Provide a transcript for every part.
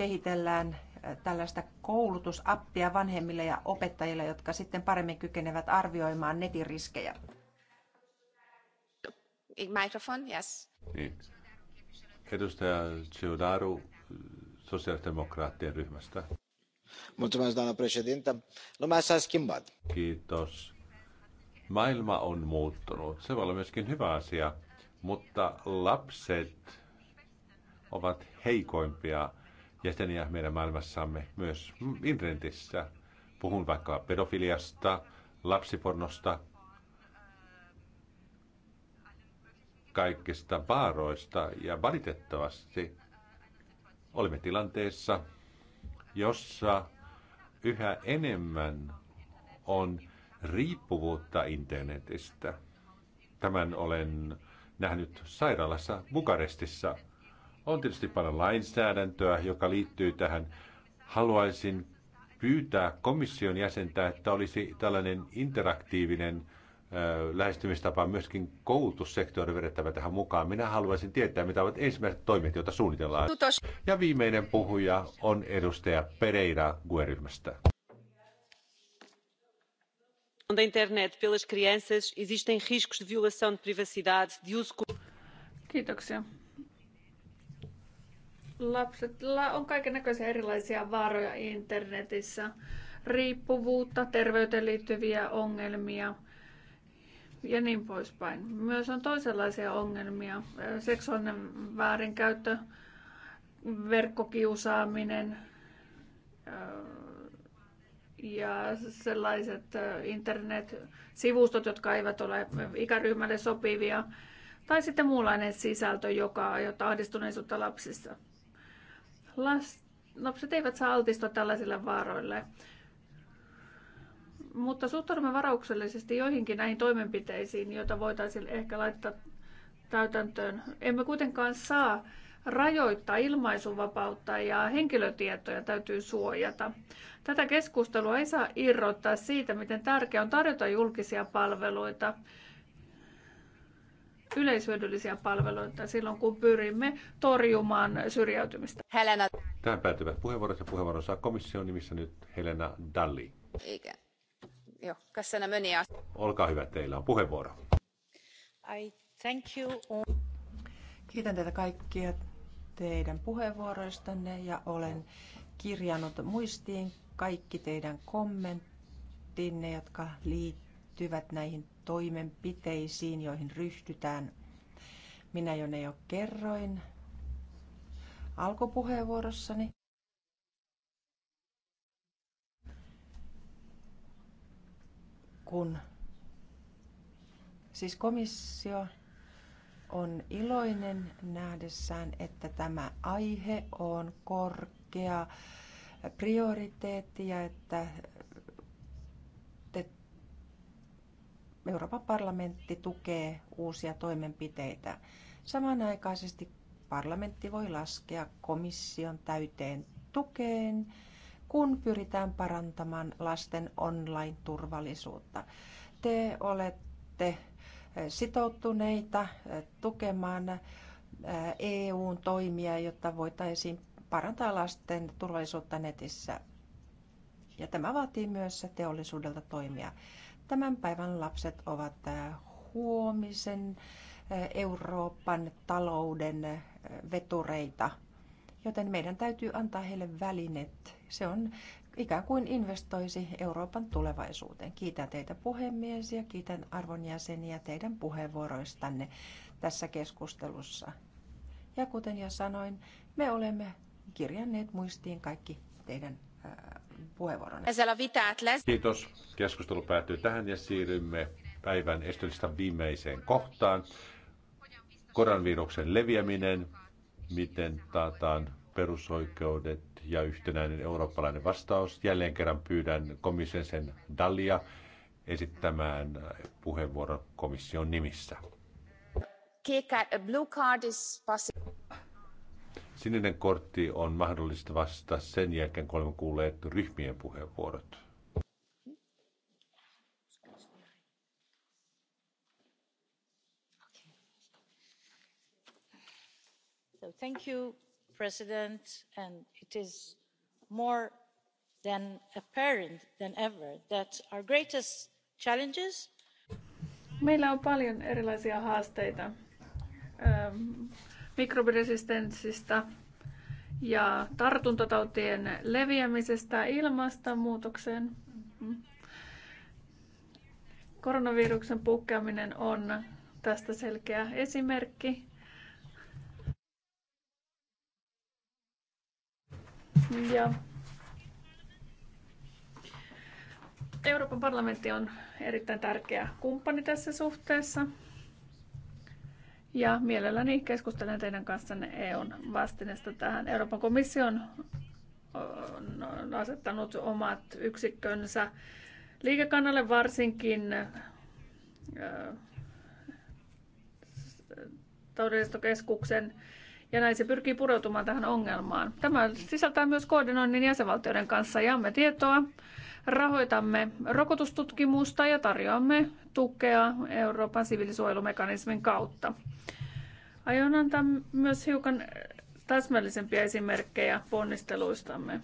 kehitellään äh, tällaista koulutusappia vanhemmille ja opettajille, jotka sitten paremmin kykenevät arvioimaan netin riskejä. Mikrofon, yes. Niin. Edustaja Ciudaru sosiaalidemokraattien ryhmästä. Mulțumesc, doamnă președintă. Lumea s-a schimbat. Kiitos. Maailma on muuttunut. Se voi olla myöskin hyvä asia, mutta lapset ovat heikoimpia jäseniä meidän maailmassamme myös internetissä. Puhun vaikka pedofiliasta, lapsipornosta, kaikista vaaroista ja valitettavasti olemme tilanteessa, jossa yhä enemmän on riippuvuutta internetistä. Tämän olen nähnyt sairaalassa Bukarestissa on tietysti paljon lainsäädäntöä, joka liittyy tähän. Haluaisin pyytää komission jäsentä, että olisi tällainen interaktiivinen lähestymistapa myöskin koulutussektori vedettävä tähän mukaan. Minä haluaisin tietää, mitä ovat ensimmäiset toimet, joita suunnitellaan. Tutos. Ja viimeinen puhuja on edustaja Pereira guerrymästä ryhmästä internet pelas crianças existem riscos de violação de privacidade, de uso... Kiitoksia. Lapsilla on kaiken näköisiä erilaisia vaaroja internetissä, riippuvuutta, terveyteen liittyviä ongelmia ja niin poispäin. Myös on toisenlaisia ongelmia, seksuaalinen väärinkäyttö, verkkokiusaaminen ja sellaiset internet-sivustot, jotka eivät ole ikäryhmälle sopivia, tai sitten muunlainen sisältö, joka aiheuttaa ahdistuneisuutta lapsissa lapset eivät saa altistua tällaisille vaaroille. Mutta suhtaudumme varauksellisesti joihinkin näihin toimenpiteisiin, joita voitaisiin ehkä laittaa täytäntöön. Emme kuitenkaan saa rajoittaa ilmaisuvapautta ja henkilötietoja täytyy suojata. Tätä keskustelua ei saa irrottaa siitä, miten tärkeää on tarjota julkisia palveluita yleishyödyllisiä palveluita silloin, kun pyrimme torjumaan syrjäytymistä. Helena. Tähän päätyvät puheenvuorot ja puheenvuoron saa komission nimissä nyt Helena Dalli. Eikä. Joo, kassana meni Olkaa hyvä, teillä on puheenvuoro. I thank you Kiitän teitä kaikkia teidän puheenvuoroistanne ja olen kirjannut muistiin kaikki teidän kommenttinne, jotka liittyvät liittyvät näihin toimenpiteisiin, joihin ryhtytään. Minä jo ne jo kerroin alkupuheenvuorossani. Kun siis komissio on iloinen nähdessään, että tämä aihe on korkea prioriteetti ja että Euroopan parlamentti tukee uusia toimenpiteitä. Samanaikaisesti parlamentti voi laskea komission täyteen tukeen, kun pyritään parantamaan lasten online-turvallisuutta. Te olette eh, sitoutuneita eh, tukemaan EUn eh, e toimia, jotta voitaisiin parantaa lasten turvallisuutta netissä. Ja tämä vaatii myös teollisuudelta toimia. Tämän päivän lapset ovat huomisen Euroopan talouden vetureita, joten meidän täytyy antaa heille välineet. Se on ikään kuin investoisi Euroopan tulevaisuuteen. Kiitän teitä puhemies ja kiitän arvon jäseniä teidän puheenvuoroistanne tässä keskustelussa. Ja kuten jo sanoin, me olemme kirjanneet muistiin kaikki teidän puheenvuoron. Kiitos. Keskustelu päättyy tähän ja siirrymme päivän estolista viimeiseen kohtaan. koronaviruksen leviäminen, miten taataan perusoikeudet ja yhtenäinen eurooppalainen vastaus. Jälleen kerran pyydän komission sen Dalia esittämään puheenvuoron komission nimissä. Blue card is possible. Sininen kortti on mahdollista vasta sen jälkeen, kun olemme kuulleet ryhmien puheenvuorot. So thank you, President, and it is more than apparent than ever that our greatest challenges Meillä on paljon erilaisia haasteita mikrobiresistenssistä ja tartuntatautien leviämisestä ilmastonmuutokseen. Koronaviruksen puhkeaminen on tästä selkeä esimerkki. Ja Euroopan parlamentti on erittäin tärkeä kumppani tässä suhteessa. Ja mielelläni keskustelen teidän kanssanne EUn vastineesta tähän. Euroopan komissio on asettanut omat yksikkönsä liikekannalle varsinkin todistokeskuksen ja näin se pyrkii pureutumaan tähän ongelmaan. Tämä sisältää myös koordinoinnin jäsenvaltioiden kanssa ja me tietoa Rahoitamme rokotustutkimusta ja tarjoamme tukea Euroopan sivilisuojelumekanismin kautta. Aion antaa myös hiukan täsmällisempiä esimerkkejä ponnisteluistamme.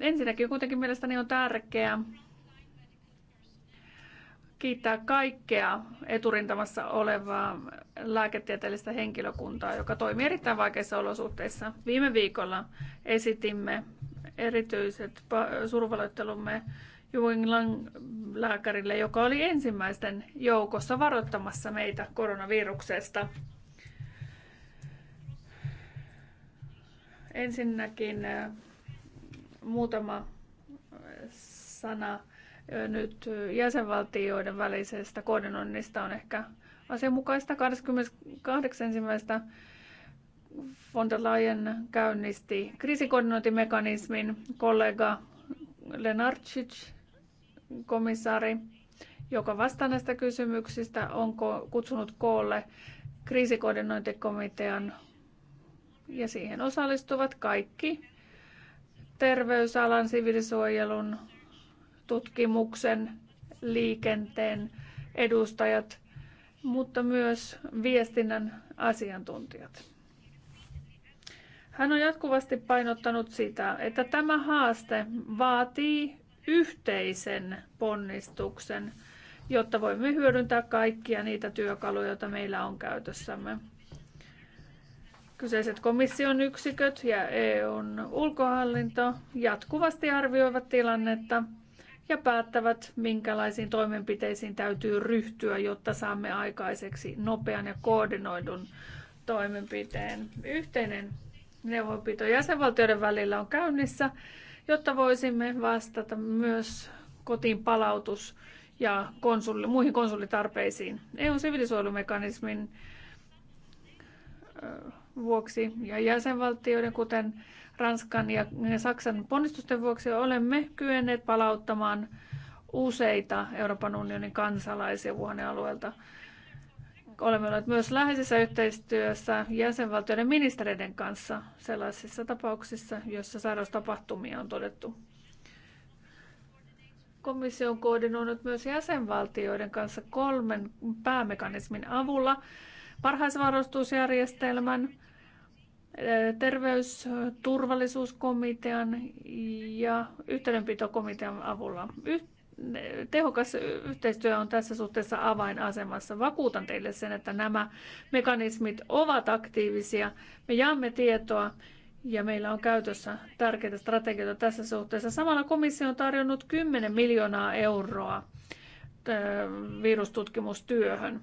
Ensinnäkin kuitenkin mielestäni on tärkeää, kiittää kaikkea eturintamassa olevaa lääketieteellistä henkilökuntaa, joka toimii erittäin vaikeissa olosuhteissa. Viime viikolla esitimme erityiset survaloittelumme Juinglan lääkärille, joka oli ensimmäisten joukossa varoittamassa meitä koronaviruksesta. Ensinnäkin eh, muutama sana nyt jäsenvaltioiden välisestä koordinoinnista on ehkä asianmukaista. 28. von der Leyen käynnisti kriisikoordinointimekanismin kollega Lenarcic, komissaari, joka vastaa näistä kysymyksistä, onko kutsunut koolle kriisikoordinointikomitean ja siihen osallistuvat kaikki terveysalan, sivilisuojelun, tutkimuksen, liikenteen edustajat, mutta myös viestinnän asiantuntijat. Hän on jatkuvasti painottanut sitä, että tämä haaste vaatii yhteisen ponnistuksen, jotta voimme hyödyntää kaikkia niitä työkaluja, joita meillä on käytössämme. Kyseiset komission yksiköt ja EUn ulkohallinto jatkuvasti arvioivat tilannetta ja päättävät, minkälaisiin toimenpiteisiin täytyy ryhtyä, jotta saamme aikaiseksi nopean ja koordinoidun toimenpiteen. Yhteinen neuvonpito jäsenvaltioiden välillä on käynnissä, jotta voisimme vastata myös kotiin palautus- ja konsuli, muihin konsulitarpeisiin. EUn sivilisuojelumekanismin vuoksi ja jäsenvaltioiden, kuten Ranskan ja Saksan ponnistusten vuoksi olemme kyenneet palauttamaan useita Euroopan unionin kansalaisia alueelta. Olemme olleet myös läheisessä yhteistyössä jäsenvaltioiden ministereiden kanssa sellaisissa tapauksissa, joissa sairaustapahtumia on todettu. Komissio on koordinoinut myös jäsenvaltioiden kanssa kolmen päämekanismin avulla parhaisvarustusjärjestelmän, terveysturvallisuuskomitean ja yhteydenpitokomitean avulla. Tehokas yhteistyö on tässä suhteessa avainasemassa. Vakuutan teille sen, että nämä mekanismit ovat aktiivisia. Me jaamme tietoa ja meillä on käytössä tärkeitä strategioita tässä suhteessa. Samalla komissio on tarjonnut 10 miljoonaa euroa virustutkimustyöhön.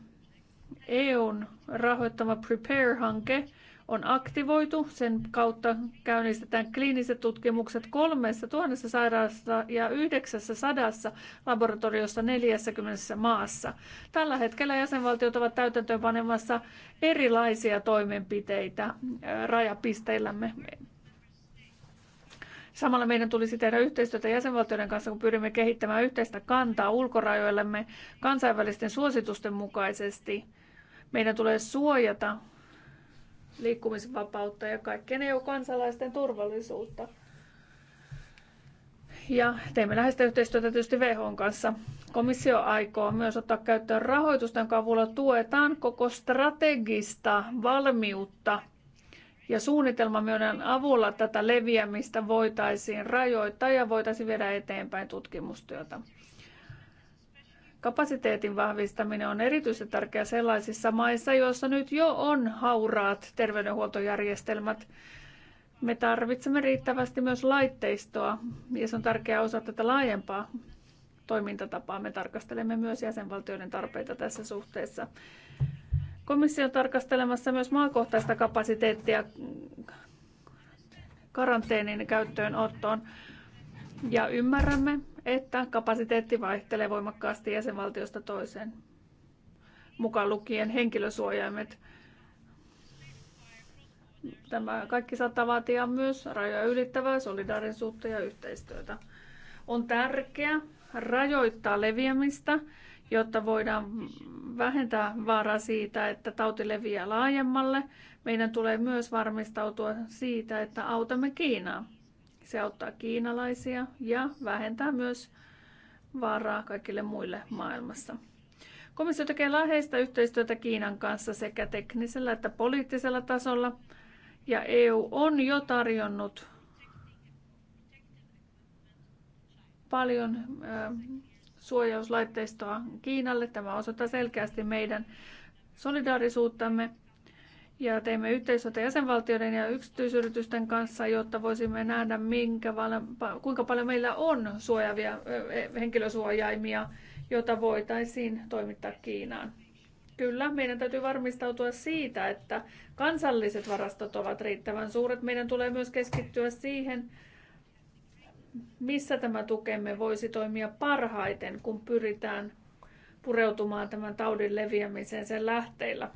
EUn rahoittama Prepare-hanke on aktivoitu. Sen kautta käynnistetään kliiniset tutkimukset kolmessa tuhannessa sairaalassa ja yhdeksässä sadassa laboratoriossa 40 maassa. Tällä hetkellä jäsenvaltiot ovat täytäntöönpanemassa erilaisia toimenpiteitä rajapisteillämme. Samalla meidän tulisi tehdä yhteistyötä jäsenvaltioiden kanssa, kun pyrimme kehittämään yhteistä kantaa ulkorajoillemme kansainvälisten suositusten mukaisesti. Meidän tulee suojata liikkumisvapautta ja kaikkien EU-kansalaisten turvallisuutta. Ja teemme läheistä yhteistyötä tietysti WHOn kanssa. Komissio aikoo myös ottaa käyttöön rahoitusta, jonka avulla tuetaan koko strategista valmiutta ja suunnitelma suunnitelmamyönnän avulla tätä leviämistä voitaisiin rajoittaa ja voitaisiin viedä eteenpäin tutkimustyötä. Kapasiteetin vahvistaminen on erityisen tärkeää sellaisissa maissa, joissa nyt jo on hauraat terveydenhuoltojärjestelmät. Me tarvitsemme riittävästi myös laitteistoa ja se on tärkeä osa tätä laajempaa toimintatapaa. Me tarkastelemme myös jäsenvaltioiden tarpeita tässä suhteessa. Komissio on tarkastelemassa myös maakohtaista kapasiteettia karanteenin käyttöönottoon. Ja ymmärrämme, että kapasiteetti vaihtelee voimakkaasti jäsenvaltiosta toiseen, mukaan lukien henkilösuojaimet. Tämä kaikki saattaa vaatia myös rajoja ylittävää solidaarisuutta ja yhteistyötä. On tärkeää rajoittaa leviämistä, jotta voidaan vähentää vaaraa siitä, että tauti leviää laajemmalle. Meidän tulee myös varmistautua siitä, että autamme Kiinaa se auttaa kiinalaisia ja vähentää myös vaaraa kaikille muille maailmassa. Komissio tekee läheistä yhteistyötä Kiinan kanssa sekä teknisellä että poliittisella tasolla, ja EU on jo tarjonnut paljon suojauslaitteistoa Kiinalle. Tämä osoittaa selkeästi meidän solidaarisuuttamme ja teimme yhteistyötä jäsenvaltioiden ja yksityisyritysten kanssa, jotta voisimme nähdä, minkä, kuinka paljon meillä on suojavia e, henkilösuojaimia, joita voitaisiin toimittaa Kiinaan. Kyllä, meidän täytyy varmistautua siitä, että kansalliset varastot ovat riittävän suuret. Meidän tulee myös keskittyä siihen, missä tämä tukemme voisi toimia parhaiten, kun pyritään pureutumaan tämän taudin leviämiseen sen lähteillä.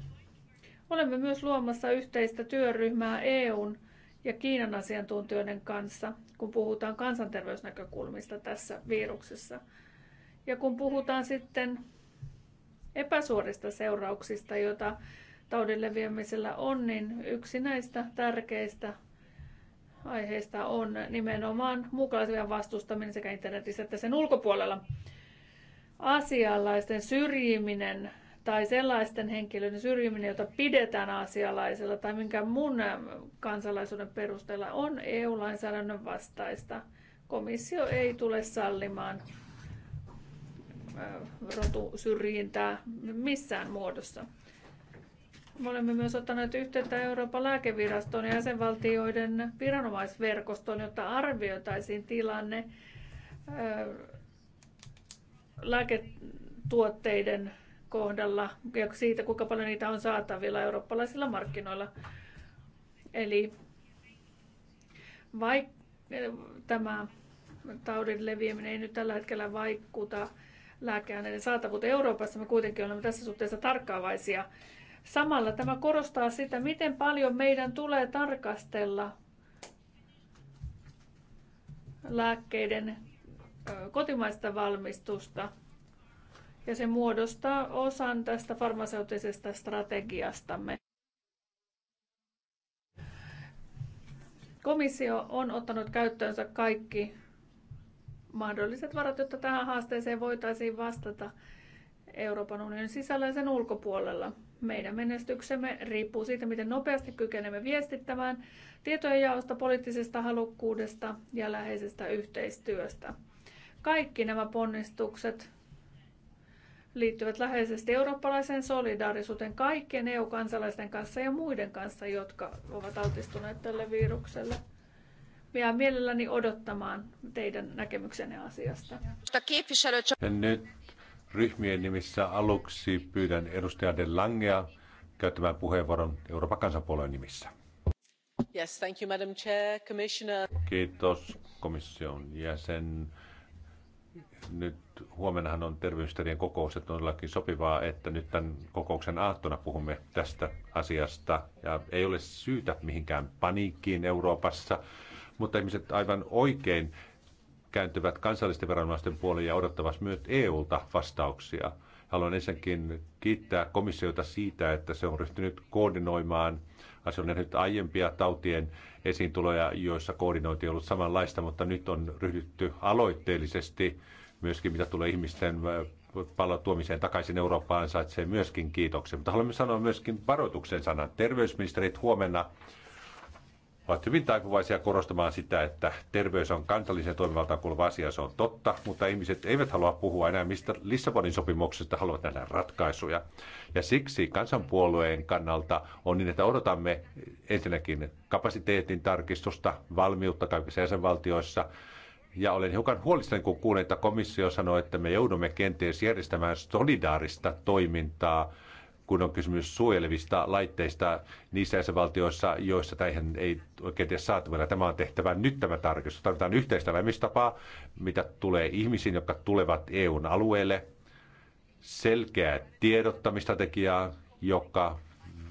Olemme myös luomassa yhteistä työryhmää EUn ja Kiinan asiantuntijoiden kanssa, kun puhutaan kansanterveysnäkökulmista tässä viruksessa. Ja kun puhutaan sitten epäsuorista seurauksista, joita taudin leviämisellä on, niin yksi näistä tärkeistä aiheista on nimenomaan muukalaisen vastustaminen sekä internetissä että sen ulkopuolella. Asialaisten syrjiminen tai sellaisten henkilöiden syrjiminen, jota pidetään asialaisella tai minkä muun ähm, kansalaisuuden perusteella, on EU-lainsäädännön vastaista. Komissio ei tule sallimaan äh, rotusyrjintää missään muodossa. Me olemme myös ottaneet yhteyttä Euroopan lääkevirastoon ja jäsenvaltioiden viranomaisverkostoon, jotta arvioitaisiin tilanne äh, lääketuotteiden kohdalla ja siitä, kuinka paljon niitä on saatavilla eurooppalaisilla markkinoilla. Eli vaikka tämä taudin leviäminen ei nyt tällä hetkellä vaikuta lääkeaineiden saatavuuteen Euroopassa, me kuitenkin olemme tässä suhteessa tarkkaavaisia. Samalla tämä korostaa sitä, miten paljon meidän tulee tarkastella lääkkeiden kotimaista valmistusta – ja se muodostaa osan tästä farmaseuttisesta strategiastamme. Komissio on ottanut käyttöönsä kaikki mahdolliset varat, jotta tähän haasteeseen voitaisiin vastata Euroopan unionin sisällä ja sen ulkopuolella. Meidän menestyksemme riippuu siitä, miten nopeasti kykenemme viestittämään tietojen jaosta, poliittisesta halukkuudesta ja läheisestä yhteistyöstä. Kaikki nämä ponnistukset liittyvät läheisesti eurooppalaiseen solidaarisuuteen kaikkien EU-kansalaisten kanssa ja muiden kanssa, jotka ovat altistuneet tälle virukselle. Jään mielelläni odottamaan teidän näkemyksenne asiasta. Ja nyt ryhmien nimissä aluksi pyydän edustaja De Langea käyttämään puheenvuoron Euroopan kansanpuolueen nimissä. Yes, thank you, Madam Chair, Commissioner. Kiitos komission jäsen nyt huomennahan on terveysministerien kokous, että on todellakin sopivaa, että nyt tämän kokouksen aattona puhumme tästä asiasta. Ja ei ole syytä mihinkään paniikkiin Euroopassa, mutta ihmiset aivan oikein kääntyvät kansallisten veronomaisten puolelle ja odottavat myös EUlta vastauksia. Haluan ensinnäkin kiittää komissiota siitä, että se on ryhtynyt koordinoimaan asioiden nyt aiempia tautien esiintuloja, joissa koordinointi on ollut samanlaista, mutta nyt on ryhdytty aloitteellisesti myöskin mitä tulee ihmisten pallon tuomiseen takaisin Eurooppaan ansaitsee myöskin kiitoksen. Mutta haluamme sanoa myöskin varoituksen sanan. Terveysministerit huomenna ovat hyvin taipuvaisia korostamaan sitä, että terveys on kansallisen toimivaltaan kuuluva asia, se on totta, mutta ihmiset eivät halua puhua enää mistä Lissabonin sopimuksesta, haluavat nähdä ratkaisuja. Ja siksi kansanpuolueen kannalta on niin, että odotamme ensinnäkin kapasiteetin tarkistusta, valmiutta kaikissa jäsenvaltioissa, ja olen hiukan huolissani, kun kuulen, että komissio sanoo, että me joudumme kenties järjestämään solidaarista toimintaa, kun on kysymys suojelevista laitteista niissä jäsenvaltioissa, joissa tähän ei oikein tiedä saatavilla. Tämä on tehtävä nyt tämä tarkistus. Tarvitaan yhteistä lämmistapaa, mitä tulee ihmisiin, jotka tulevat EUn alueelle. Selkeää tiedottamistrategiaa, joka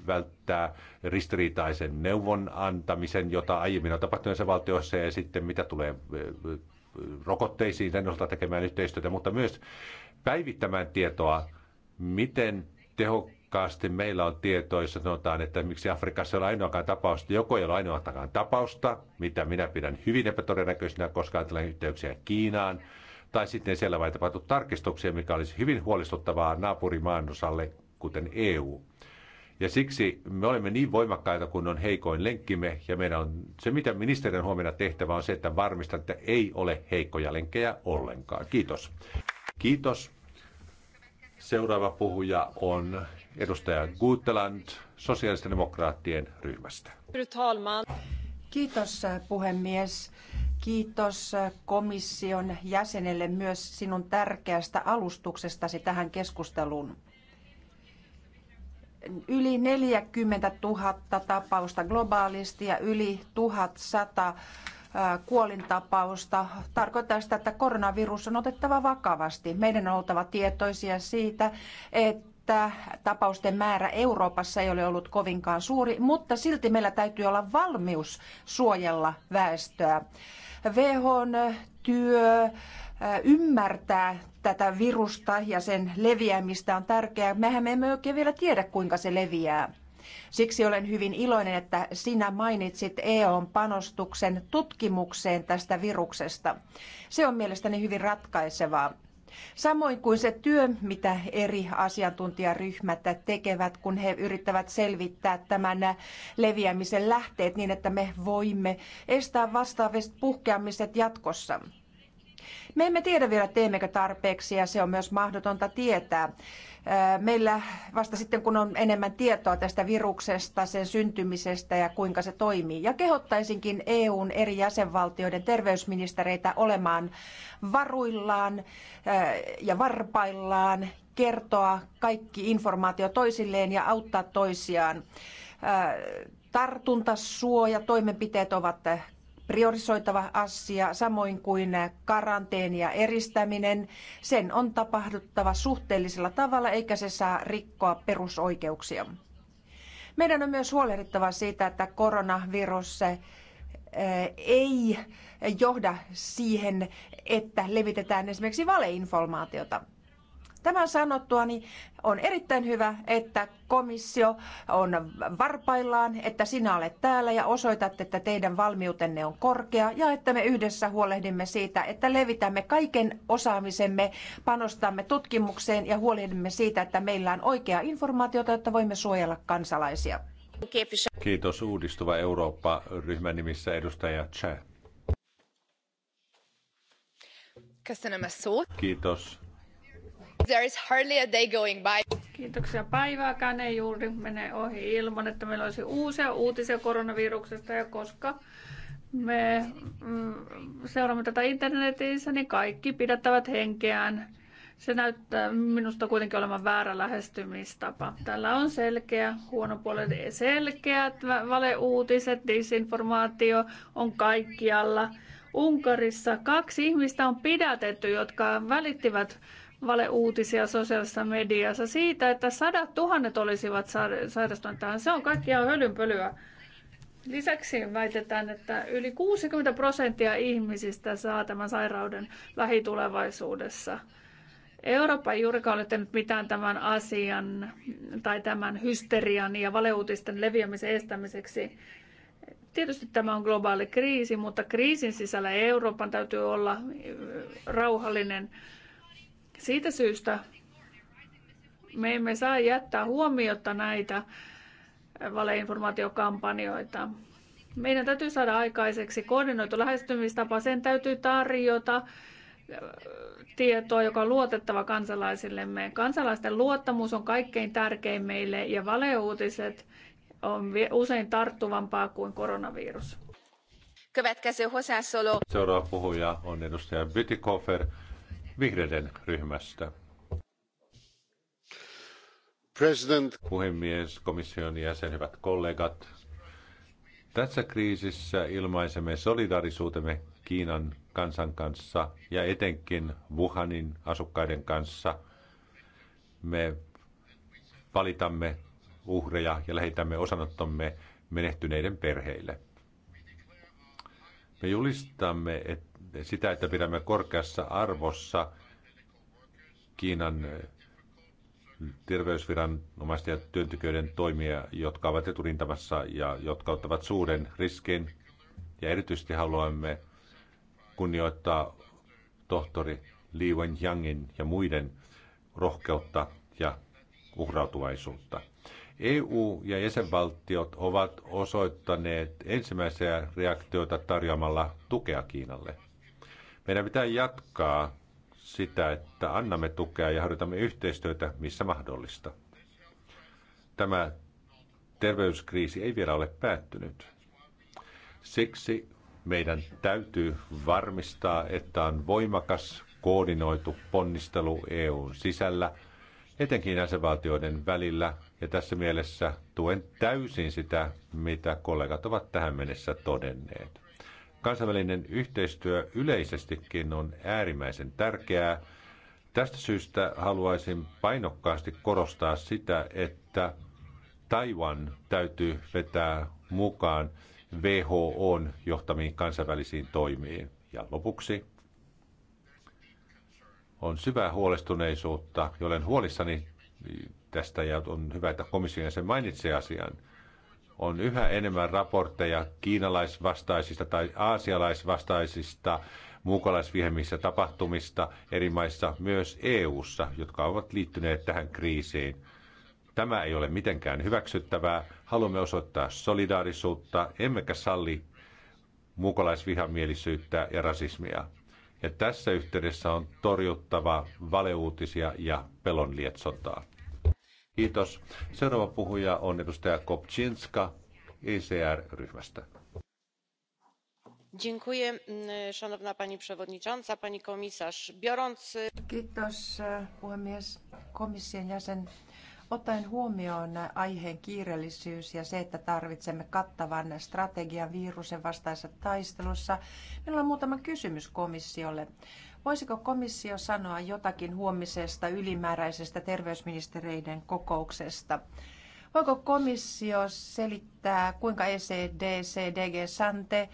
välttää ristiriitaisen neuvon antamisen, jota aiemmin on tapahtunut valtioissa ja sitten mitä tulee rokotteisiin, sen osalta tekemään yhteistyötä, mutta myös päivittämään tietoa, miten tehokkaasti meillä on tietoa, jos sanotaan, että miksi Afrikassa ei ole ainoakaan tapausta, joko ei ole ainoatakaan tapausta, mitä minä pidän hyvin epätodennäköisenä, koska ajatellaan yhteyksiä Kiinaan, tai sitten siellä vai tapahtuu tarkistuksia, mikä olisi hyvin huolestuttavaa naapurimaan osalle, kuten EU. Ja siksi me olemme niin voimakkaita, kun on heikoin lenkkimme, ja meidän on, se mitä ministerin huomenna tehtävä on se, että varmistan, että ei ole heikkoja lenkkejä ollenkaan. Kiitos. Kiitos. Seuraava puhuja on edustaja Guteland sosiaalisten demokraattien ryhmästä. Kiitos puhemies. Kiitos komission jäsenelle myös sinun tärkeästä alustuksestasi tähän keskusteluun yli 40 000 tapausta globaalisti ja yli 1100 äh, kuolintapausta tarkoittaa sitä, että koronavirus on otettava vakavasti. Meidän on oltava tietoisia siitä, että tapausten määrä Euroopassa ei ole ollut kovinkaan suuri, mutta silti meillä täytyy olla valmius suojella väestöä. who työ äh, ymmärtää tätä virusta ja sen leviämistä on tärkeää. Mehän me emme oikein vielä tiedä, kuinka se leviää. Siksi olen hyvin iloinen, että sinä mainitsit Eo:n panostuksen tutkimukseen tästä viruksesta. Se on mielestäni hyvin ratkaisevaa. Samoin kuin se työ, mitä eri asiantuntijaryhmät tekevät, kun he yrittävät selvittää tämän leviämisen lähteet niin, että me voimme estää vastaavista puhkeamiset jatkossa. Me emme tiedä vielä, teemmekö tarpeeksi ja se on myös mahdotonta tietää. Äh, meillä vasta sitten, kun on enemmän tietoa tästä viruksesta, sen syntymisestä ja kuinka se toimii. Ja kehottaisinkin EUn eri jäsenvaltioiden terveysministereitä olemaan varuillaan äh, ja varpaillaan, kertoa kaikki informaatio toisilleen ja auttaa toisiaan äh, tartuntasuoja, toimenpiteet ovat priorisoitava asia, samoin kuin karanteeni ja eristäminen. Sen on tapahduttava suhteellisella tavalla, eikä se saa rikkoa perusoikeuksia. Meidän on myös huolehdittava siitä, että koronavirus eh, ei johda siihen, että levitetään esimerkiksi valeinformaatiota. Tämän sanottua niin on erittäin hyvä, että komissio on varpaillaan, että sinä olet täällä ja osoitat, että teidän valmiutenne on korkea ja että me yhdessä huolehdimme siitä, että levitämme kaiken osaamisemme, panostamme tutkimukseen ja huolehdimme siitä, että meillä on oikea informaatiota, jotta voimme suojella kansalaisia. Kiitos uudistuva Eurooppa-ryhmän nimissä edustaja Chä. Kiitos. There is hardly a day going by. Kiitoksia. Päivääkään ei juuri mene ohi ilman, että meillä olisi uusia uutisia koronaviruksesta ja koska me mm, seuraamme tätä internetissä, niin kaikki pidättävät henkeään. Se näyttää minusta kuitenkin olevan väärä lähestymistapa. Tällä on selkeä, huono puoli, selkeät valeuutiset, disinformaatio on kaikkialla. Unkarissa kaksi ihmistä on pidätetty, jotka välittivät valeuutisia sosiaalisessa mediassa siitä, että sadat tuhannet olisivat sairastuneet tähän. Se on kaikkiaan hölynpölyä. Lisäksi väitetään, että yli 60 prosenttia ihmisistä saa tämän sairauden lähitulevaisuudessa. Eurooppa ei juurikaan ole tehnyt mitään tämän asian tai tämän hysterian ja valeuutisten leviämisen estämiseksi. Tietysti tämä on globaali kriisi, mutta kriisin sisällä Euroopan täytyy olla rauhallinen siitä syystä me emme saa jättää huomiota näitä valeinformaatiokampanjoita. Meidän täytyy saada aikaiseksi koordinoitu lähestymistapa. Sen täytyy tarjota äh, tietoa, joka on luotettava kansalaisillemme. Kansalaisten luottamus on kaikkein tärkein meille ja valeuutiset on usein tarttuvampaa kuin koronavirus. Seuraava puhuja on edustaja Bytikofer vihreiden ryhmästä. President. Puhemies, komission jäsen, hyvät kollegat. Tässä kriisissä ilmaisemme solidaarisuutemme Kiinan kansan kanssa ja etenkin Wuhanin asukkaiden kanssa. Me valitamme uhreja ja lähetämme osanottomme menehtyneiden perheille. Me julistamme, että sitä, että pidämme korkeassa arvossa Kiinan eh, terveysviranomaisten ja työntekijöiden toimia, jotka ovat eturintamassa ja jotka ottavat suuren riskin. Ja erityisesti haluamme kunnioittaa tohtori Li Wenjiangin ja muiden rohkeutta ja uhrautuvaisuutta. EU ja jäsenvaltiot ovat osoittaneet ensimmäisiä reaktioita tarjoamalla tukea Kiinalle. Meidän pitää jatkaa sitä, että annamme tukea ja harjoitamme yhteistyötä, missä mahdollista. Tämä terveyskriisi ei vielä ole päättynyt. Siksi meidän täytyy varmistaa, että on voimakas, koordinoitu ponnistelu EUn sisällä, etenkin jäsenvaltioiden välillä, ja tässä mielessä tuen täysin sitä, mitä kollegat ovat tähän mennessä todenneet. Kansainvälinen yhteistyö yleisestikin on äärimmäisen tärkeää. Tästä syystä haluaisin painokkaasti korostaa sitä, että Taiwan täytyy vetää mukaan WHOn johtamiin kansainvälisiin toimiin. Ja lopuksi on syvää huolestuneisuutta, jolen huolissani tästä ja on hyvä, että komission sen mainitsee asian on yhä enemmän raportteja kiinalaisvastaisista tai aasialaisvastaisista muukalaisvihemmissä tapahtumista eri maissa, myös EU:ssa, jotka ovat liittyneet tähän kriisiin. Tämä ei ole mitenkään hyväksyttävää. Haluamme osoittaa solidaarisuutta, emmekä salli muukalaisvihamielisyyttä ja rasismia. Ja tässä yhteydessä on torjuttava valeuutisia ja pelonlietsotaa. Kiitos. Seuraava puhuja on edustaja Kopczynska ICR-ryhmästä. Dziękuję, szanowna pani przewodnicząca, pani komisarz. Biorąc... Kiitos, puhemies, komission jäsen. Ottaen huomioon aiheen kiireellisyys ja se, että tarvitsemme kattavan strategian virusen vastaisessa taistelussa, minulla on muutama kysymys komissiolle. Voisiko komissio sanoa jotakin huomisesta ylimääräisestä terveysministereiden kokouksesta? Voiko komissio selittää, kuinka ECDC, DG Sante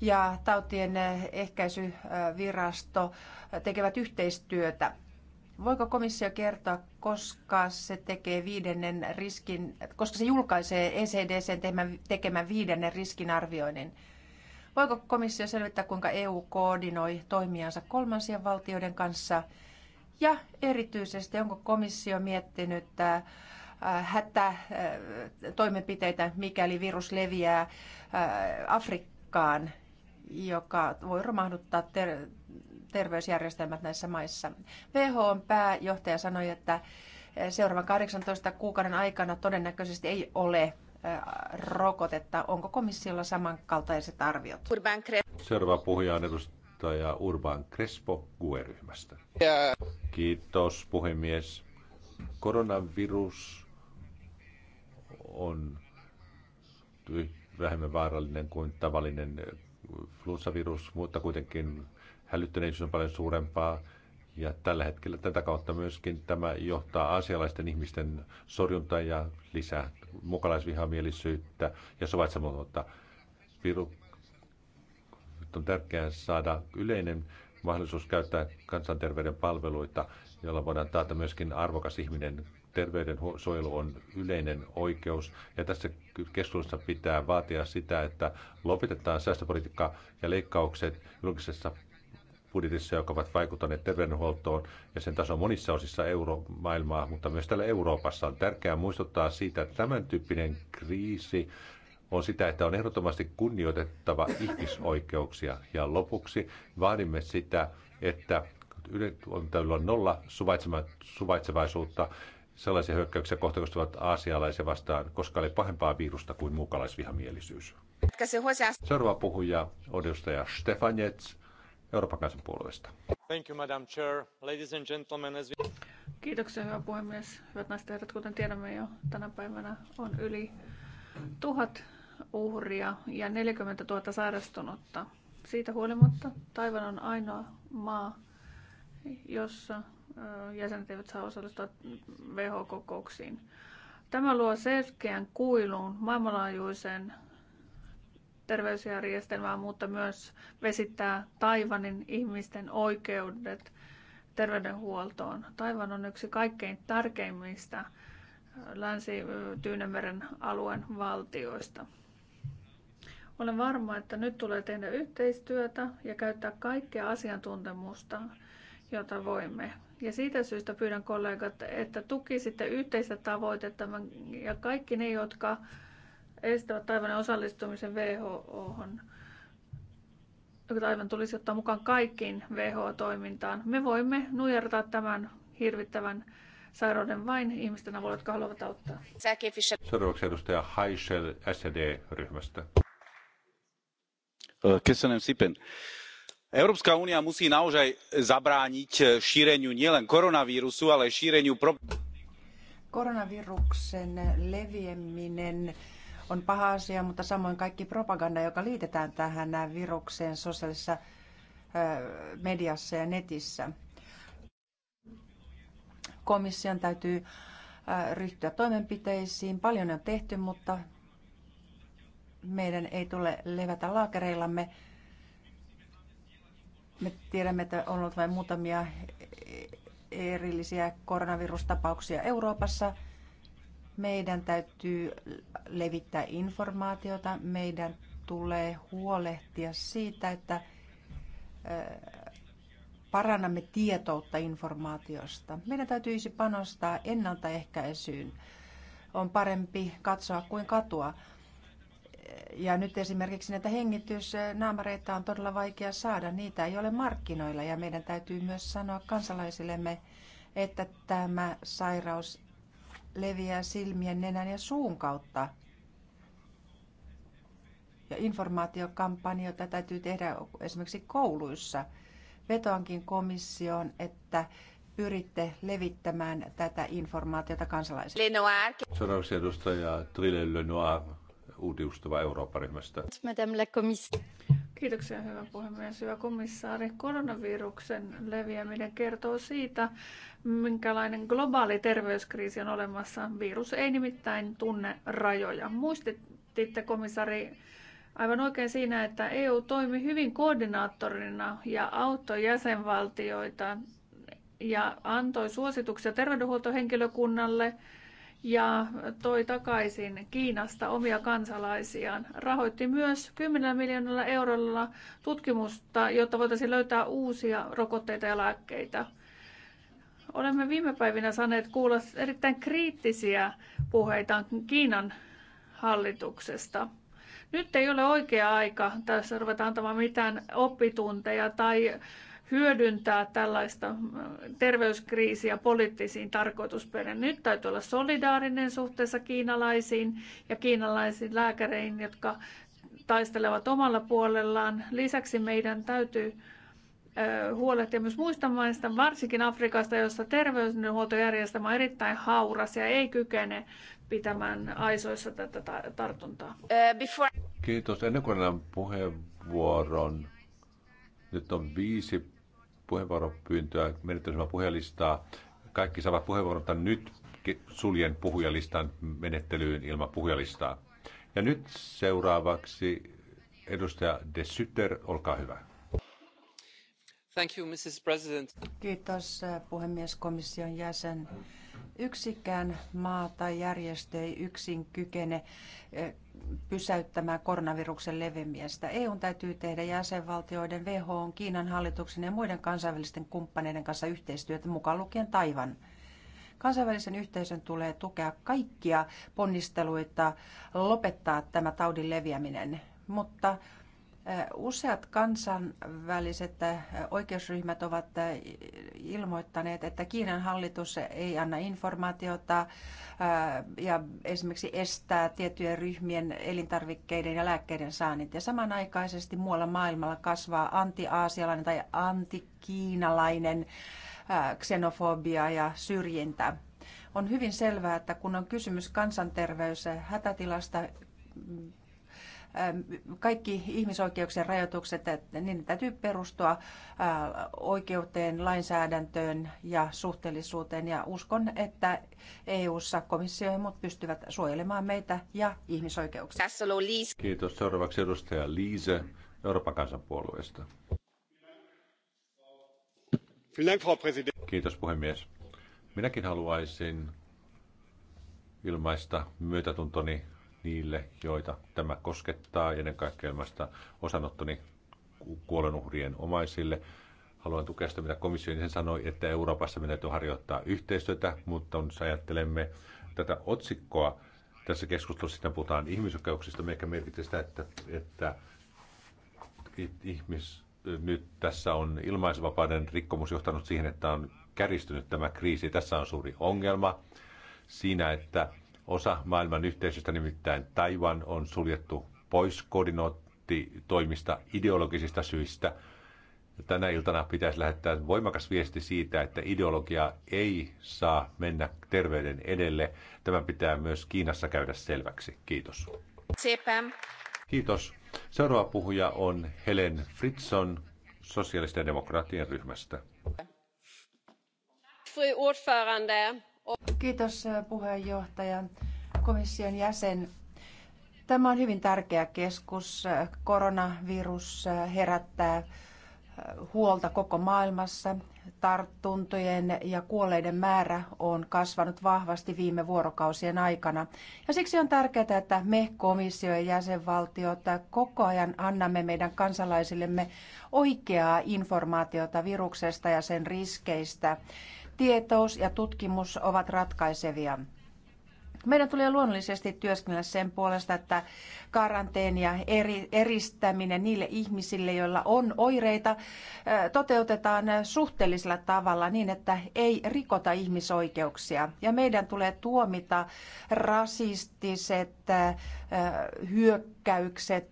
ja tautien ehkäisyvirasto tekevät yhteistyötä? Voiko komissio kertoa, koska se tekee viidennen riskin, koska se julkaisee ECDCn tekemän viidennen riskinarvioinnin? Voiko komissio selvittää, kuinka EU koordinoi toimiansa kolmansien valtioiden kanssa? Ja erityisesti, onko komissio miettinyt äh, hätätoimenpiteitä, äh, mikäli virus leviää äh, Afrikkaan, joka voi romahduttaa ter- terveysjärjestelmät näissä maissa. WHOn pääjohtaja sanoi, että seuraavan 18 kuukauden aikana todennäköisesti ei ole rokotetta. Onko komissiolla samankaltaiset arviot? Urban Seuraava puhuja on edustaja Urban Crespo GUE-ryhmästä. Kiitos puhemies. Koronavirus on vähemmän vaarallinen kuin tavallinen flussavirus, mutta kuitenkin hälyttäneisyys on paljon suurempaa ja tällä hetkellä tätä kautta myöskin tämä johtaa asialaisten ihmisten sorjuntaan ja lisää mukalaisvihamielisyyttä ja suvaitsemattomuutta. Viru... On tärkeää saada yleinen mahdollisuus käyttää kansanterveyden palveluita, jolla voidaan taata myöskin arvokas ihminen. Terveydensuojelu on yleinen oikeus ja tässä keskustelussa pitää vaatia sitä, että lopetetaan säästöpolitiikka ja leikkaukset julkisessa budjetissa, jotka ovat vaikuttaneet terveydenhuoltoon ja sen taso monissa osissa euromaailmaa, mutta myös täällä Euroopassa on tärkeää muistuttaa siitä, että tämän tyyppinen kriisi on sitä, että on ehdottomasti kunnioitettava ihmisoikeuksia. Ja lopuksi vaadimme sitä, että on nolla suvaitsevaisuutta sellaisia hyökkäyksiä kohtaan, aasialaisia vastaan, koska oli pahempaa virusta kuin muukalaisvihamielisyys. Seuraava puhuja on edustaja Stefanets Euroopan kansanpuolueesta. Kiitoksia, hyvä puhemies. Hyvät naiset ja herrat, kuten tiedämme jo tänä päivänä on yli tuhat uhria ja 40 000 sairastunutta. Siitä huolimatta Taivan on ainoa maa, jossa jäsenet eivät saa osallistua WHO-kokouksiin. Tämä luo selkeän kuilun maailmanlaajuisen terveysjärjestelmää, mutta myös vesittää Taivanin ihmisten oikeudet terveydenhuoltoon. Taivan on yksi kaikkein tärkeimmistä äh, Länsi-Tyynemeren äh, alueen valtioista. Olen varma, että nyt tulee tehdä yhteistyötä ja käyttää kaikkea asiantuntemusta, jota voimme. Ja siitä syystä pyydän kollegat, että tukisitte yhteistä tavoitetta ja kaikki ne, jotka estävät Taivanin osallistumisen WHOhon. Taivan tulisi ottaa mukaan kaikkiin WHO-toimintaan. Me voimme nujertaa tämän hirvittävän sairauden vain ihmisten avulla, jotka haluavat auttaa. Seuraavaksi edustaja Haisel SED-ryhmästä. Kesänen Sipen. Európska unia musí naozaj zabrániť šíreniu nielen koronavírusu, ale šíreniu... Koronaviruksen leviäminen on paha asia, mutta samoin kaikki propaganda, joka liitetään tähän virukseen sosiaalisessa mediassa ja netissä. Komission täytyy ryhtyä toimenpiteisiin. Paljon on tehty, mutta meidän ei tule levätä laakereillamme. Me tiedämme, että on ollut vain muutamia erillisiä koronavirustapauksia Euroopassa – meidän täytyy levittää informaatiota, meidän tulee huolehtia siitä, että parannamme tietoutta informaatiosta. Meidän täytyisi panostaa ennaltaehkäisyyn. On parempi katsoa kuin katua. Ja nyt esimerkiksi näitä hengitysnaamareita on todella vaikea saada. Niitä ei ole markkinoilla ja meidän täytyy myös sanoa kansalaisillemme, että tämä sairaus leviää silmien, nenän ja suun kautta. Ja informaatiokampanjoita täytyy tehdä esimerkiksi kouluissa. Vetoankin komissioon, että pyritte levittämään tätä informaatiota kansalaisille. Seuraavaksi edustaja Trille Lenoir uudistuva Eurooppa-ryhmästä. Kiitoksia, hyvä puhemies, hyvä komissaari. Koronaviruksen leviäminen kertoo siitä, minkälainen globaali terveyskriisi on olemassa. Virus ei nimittäin tunne rajoja. Muistitte, komissaari, aivan oikein siinä, että EU toimi hyvin koordinaattorina ja auttoi jäsenvaltioita ja antoi suosituksia terveydenhuoltohenkilökunnalle – ja toi takaisin Kiinasta omia kansalaisiaan. Rahoitti myös 10 miljoonalla eurolla tutkimusta, jotta voitaisiin löytää uusia rokotteita ja lääkkeitä. Olemme viime päivinä saaneet kuulla erittäin kriittisiä puheita Kiinan hallituksesta. Nyt ei ole oikea aika tässä ruveta antamaan mitään oppitunteja tai hyödyntää tällaista äh, terveyskriisiä poliittisiin tarkoitusperiin. Nyt täytyy olla solidaarinen suhteessa kiinalaisiin ja kiinalaisiin lääkäreihin, jotka taistelevat omalla puolellaan. Lisäksi meidän täytyy äh, huolehtia myös muista maista, varsinkin Afrikasta, jossa terveydenhuoltojärjestelmä on erittäin hauras ja ei kykene pitämään aisoissa tätä tartuntaa. Äh, Kiitos. Ennen kuin annan puheenvuoron, nyt on viisi puheenvuoropyyntöä, menettelysivät puhelistaa. Kaikki saavat puheenvuoron, tämän nyt suljen puhujalistan menettelyyn ilman puhujalistaa. Ja nyt seuraavaksi edustaja De Sutter, olkaa hyvä. Thank you, Mrs. President. Kiitos äh, puhemies komission jäsen. Yksikään maa tai järjestö ei yksin kykene eh, pysäyttämään koronaviruksen leviämistä. EUn täytyy tehdä jäsenvaltioiden, WHO, Kiinan hallituksen ja muiden kansainvälisten kumppaneiden kanssa yhteistyötä, mukaan lukien Taivan. Kansainvälisen yhteisön tulee tukea kaikkia ponnisteluita lopettaa tämä taudin leviäminen, mutta Useat kansainväliset oikeusryhmät ovat ilmoittaneet, että Kiinan hallitus ei anna informaatiota ja esimerkiksi estää tiettyjen ryhmien elintarvikkeiden ja lääkkeiden saannit. Ja samanaikaisesti muualla maailmalla kasvaa anti-aasialainen tai anti-kiinalainen ksenofobia ja syrjintä. On hyvin selvää, että kun on kysymys kansanterveys hätätilasta, Ähm, kaikki ihmisoikeuksien rajoitukset, niin täytyy perustua äh, oikeuteen, lainsäädäntöön ja suhteellisuuteen. Ja uskon, että EU-ssa komissio ja muut pystyvät suojelemaan meitä ja ihmisoikeuksia. Kiitos. Seuraavaksi edustaja Liise Euroopan kansanpuolueesta. Kiitos puhemies. Minäkin haluaisin ilmaista myötätuntoni niille, joita tämä koskettaa, ennen kaikkea ilmaista osanottoni kuolenuhrien omaisille. Haluan tukea sitä, mitä komissio sen sanoi, että Euroopassa meidän täytyy harjoittaa yhteistyötä, mutta jos ajattelemme tätä otsikkoa tässä keskustelussa, sitten puhutaan ihmisoikeuksista, mikä merkitsee sitä, että, että ihmis, nyt tässä on ilmaisvapauden rikkomus johtanut siihen, että on kärjistynyt tämä kriisi. Tässä on suuri ongelma siinä, että Osa maailman yhteisöstä, nimittäin Taiwan, on suljettu pois koordinoottitoimista ideologisista syistä. Tänä iltana pitäisi lähettää voimakas viesti siitä, että ideologia ei saa mennä terveyden edelle. Tämä pitää myös Kiinassa käydä selväksi. Kiitos. Sepä. Kiitos. Seuraava puhuja on Helen Fritson sosiaalisten demokraattien ryhmästä. Fru ordförande, Kiitos eh, puheenjohtaja, komission jäsen. Tämä on hyvin tärkeä keskus. Koronavirus eh, herättää eh, huolta koko maailmassa. Tartuntojen ja kuolleiden määrä on kasvanut vahvasti viime vuorokausien aikana. Ja siksi on tärkeää, että me komissio ja jäsenvaltiot koko ajan annamme meidän kansalaisillemme oikeaa informaatiota viruksesta ja sen riskeistä Tietous ja tutkimus ovat ratkaisevia. Meidän tulee luonnollisesti työskennellä sen puolesta, että karanteeni ja eri, eristäminen niille ihmisille, joilla on oireita, toteutetaan suhteellisella tavalla niin, että ei rikota ihmisoikeuksia. Ja meidän tulee tuomita rasistiset hyökkäykset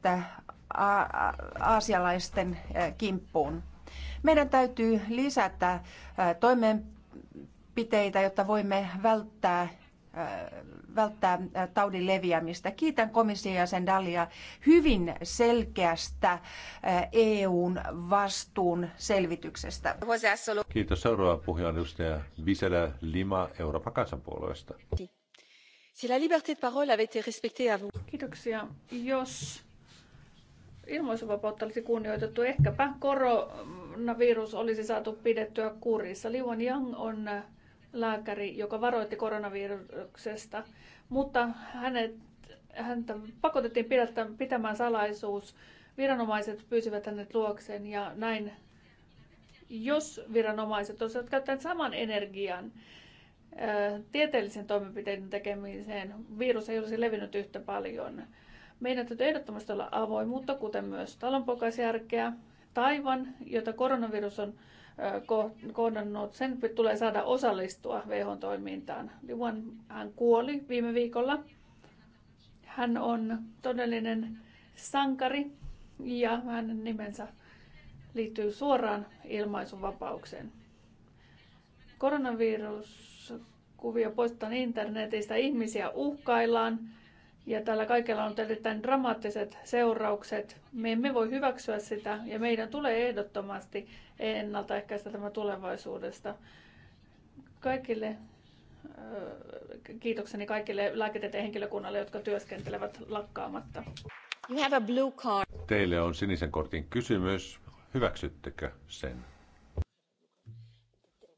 aasialaisten kimppuun. Meidän täytyy lisätä toimeen toimenpiteitä, jotta voimme välttää äh, välttää äh, taudin leviämistä. Kiitän komission jäsen Dallia hyvin selkeästä äh, EUn vastuun selvityksestä. Kiitos. Seuraava puhuja on edustaja Viselä Lima Euroopan kansanpuolueesta. Kiitoksia. Jos ilmaisuvapautta olisi kunnioitettu, ehkäpä koronavirus olisi saatu pidettyä kurissa. Li Yang on lääkäri, joka varoitti koronaviruksesta, mutta hänet, häntä pakotettiin pitämään salaisuus. Viranomaiset pyysivät hänet luokseen ja näin, jos viranomaiset olisivat käyttäneet saman energian tieteellisen toimenpiteiden tekemiseen, virus ei olisi levinnyt yhtä paljon. Meidän täytyy ehdottomasti olla avoimuutta, kuten myös talonpokaisjärkeä. Taivan, jota koronavirus on kohdannut, sen tulee saada osallistua vh toimintaan Liuan hän kuoli viime viikolla. Hän on todellinen sankari ja hänen nimensä liittyy suoraan ilmaisuvapaukseen. Koronaviruskuvio poistetaan internetistä, ihmisiä uhkaillaan, ja tällä kaikella on erittäin dramaattiset seuraukset. Me emme voi hyväksyä sitä ja meidän tulee ehdottomasti ennaltaehkäistä tämä tulevaisuudesta. Kaikille kiitokseni kaikille lääketieteen henkilökunnalle, jotka työskentelevät lakkaamatta. You have a blue card. Teille on sinisen kortin kysymys. Hyväksyttekö sen?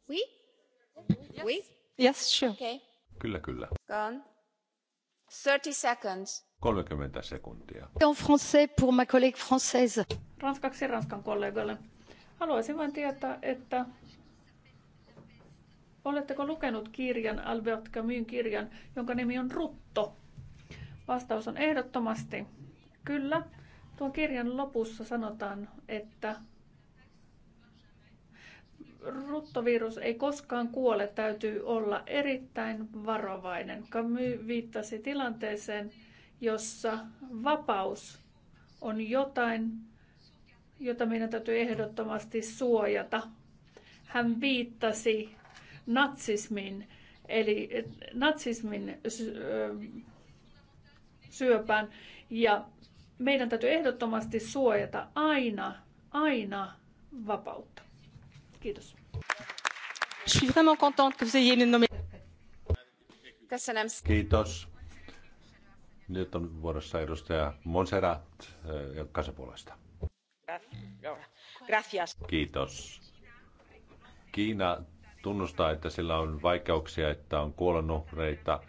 Oui? Yes. Oui? Yes, sure. Okay. Kyllä, kyllä. Gone. 30 sekuntia. En français pour ma collègue française. Ranskaksi Ranskan kollegalle. Haluaisin vain tietää, että oletteko lukenut kirjan, Albert Camus kirjan, jonka nimi on Rutto? Vastaus on ehdottomasti kyllä. Tuon kirjan lopussa sanotaan, että ruttovirus ei koskaan kuole, täytyy olla erittäin varovainen. Camus viittasi tilanteeseen, jossa vapaus on jotain, jota meidän täytyy ehdottomasti suojata. Hän viittasi natsismin, eli natsismin syöpään. Ja meidän täytyy ehdottomasti suojata aina, aina vapautta. Kiitos. Kiitos. Nyt on vuorossa edustaja Monserrat eh, Kasapuolesta. Kiitos. Kiina tunnustaa, että sillä on vaikeuksia, että on kuolonuhreita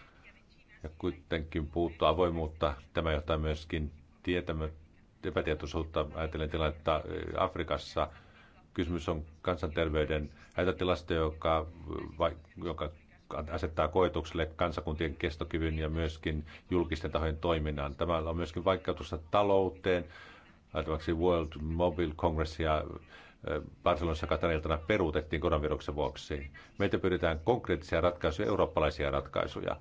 ja kuitenkin puuttuu avoimuutta. Tämä johtaa myöskin tietämättä epätietoisuutta ajatellen tilannetta eh, Afrikassa – kysymys on kansanterveyden hätätilasta, joka, vai, joka asettaa koetukselle kansakuntien kestokyvyn ja myöskin julkisten tahojen toiminnan. Tämä on myöskin vaikeutusta talouteen. Ajatavaksi World Mobile Congressia äh, Barcelonassa kataneiltana peruutettiin koronaviruksen vuoksi. Meitä pyydetään konkreettisia ratkaisuja, eurooppalaisia ratkaisuja